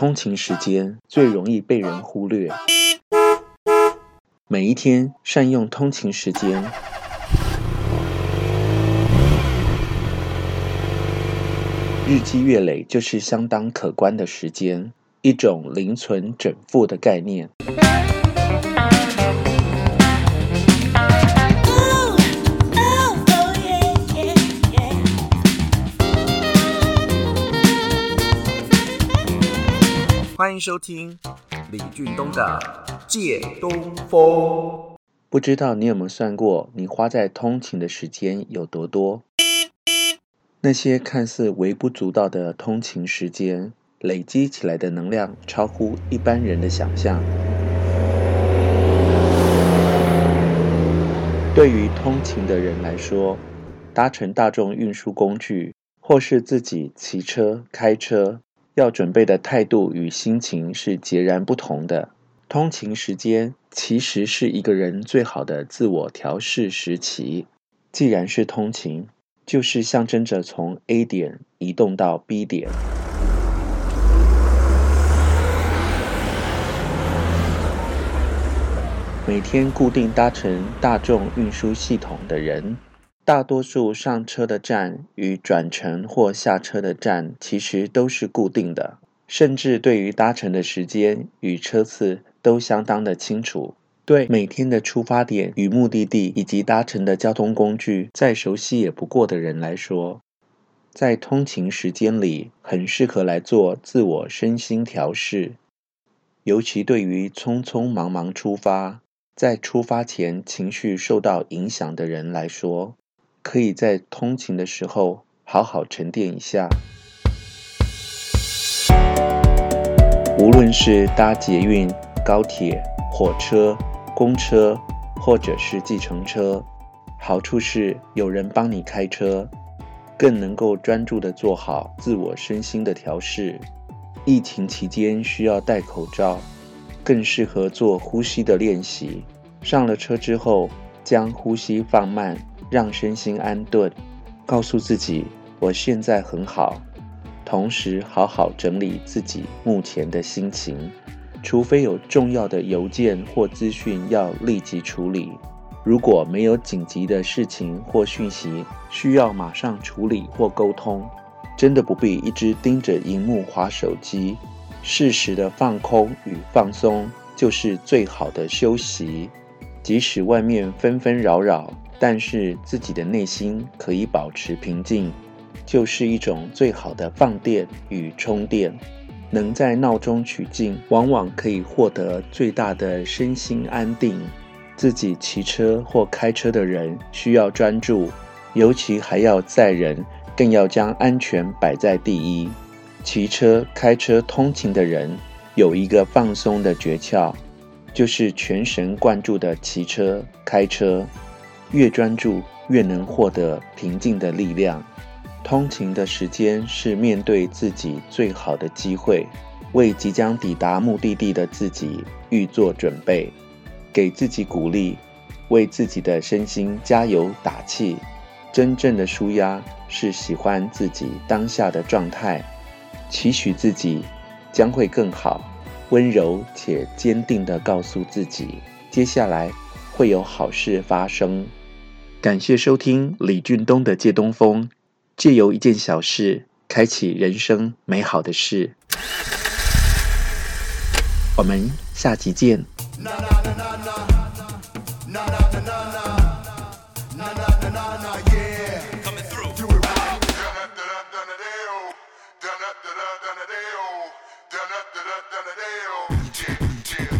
通勤時間最容易被人忽略。每一天善用通勤時間，日積月累就是相當可觀的時間，一種零存整付的概念。歡迎收聽李俊東的《借東風》。不知道你有沒有算過，你花在通勤的時間有多多？那些看似微不足道的通勤時間，累積起來的能量超乎一般人的想象。對於通勤的人來說，搭乘大眾運輸工具，或是自己騎車、開車。要準備的態度與心情是截然不同的。通勤時間其實是一個人最好的自我調試時期。既然是通勤，就是象徵着從 A 點移動到 B 點。每天固定搭乘大眾運輸系統的人，大多數上車的站與轉乘或下車的站其實都是固定的，甚至對於搭乘的時間與車次都相當的清楚。對每天的出發點與目的地以及搭乘的交通工具再熟悉也不過的人來說，在通勤時間裡很適合來做自我身心調試，尤其對於匆匆忙忙出發，在出發前情緒受到影響的人來說。可以在通勤的時候好好沉澱一下。無論是搭捷運、高鐵、火車、公車，或者是計程車，好處是有人幫你開車，更能夠專注地做好自我身心的調適。疫情期間需要戴口罩，更適合做呼吸的練習。上了車之後，將呼吸放慢。讓身心安頓，告訴自己我現在很好，同時好好整理自己目前的心情。除非有重要的郵件或資訊要立即處理，如果沒有緊急的事情或訊息需要馬上處理或溝通，真的不必一直盯着熒幕滑手機。適時的放空與放鬆，就是最好的休息。即使外面紛紛擾擾。但是自己的內心可以保持平靜，就是一種最好的放電與充電。能在鬧中取靜，往往可以獲得最大的身心安定。自己騎車或開車的人需要專注，尤其還要載人，更要將安全擺在第一。騎車、開車通勤的人有一個放鬆的訣竅，就是全神貫注地騎車、開車。越專注，越能獲得平靜的力量。通勤的時間是面對自己最好的機會，為即將抵達目的地的自己預做準備，給自己鼓勵，為自己的身心加油打氣。真正的舒壓是喜歡自己當下的狀態，期許自己將會更好，溫柔且堅定地告訴自己，接下來會有好事發生。感謝收聽李俊東的《借東風》，借由一件小事開啟人生美好的事。我們下集見。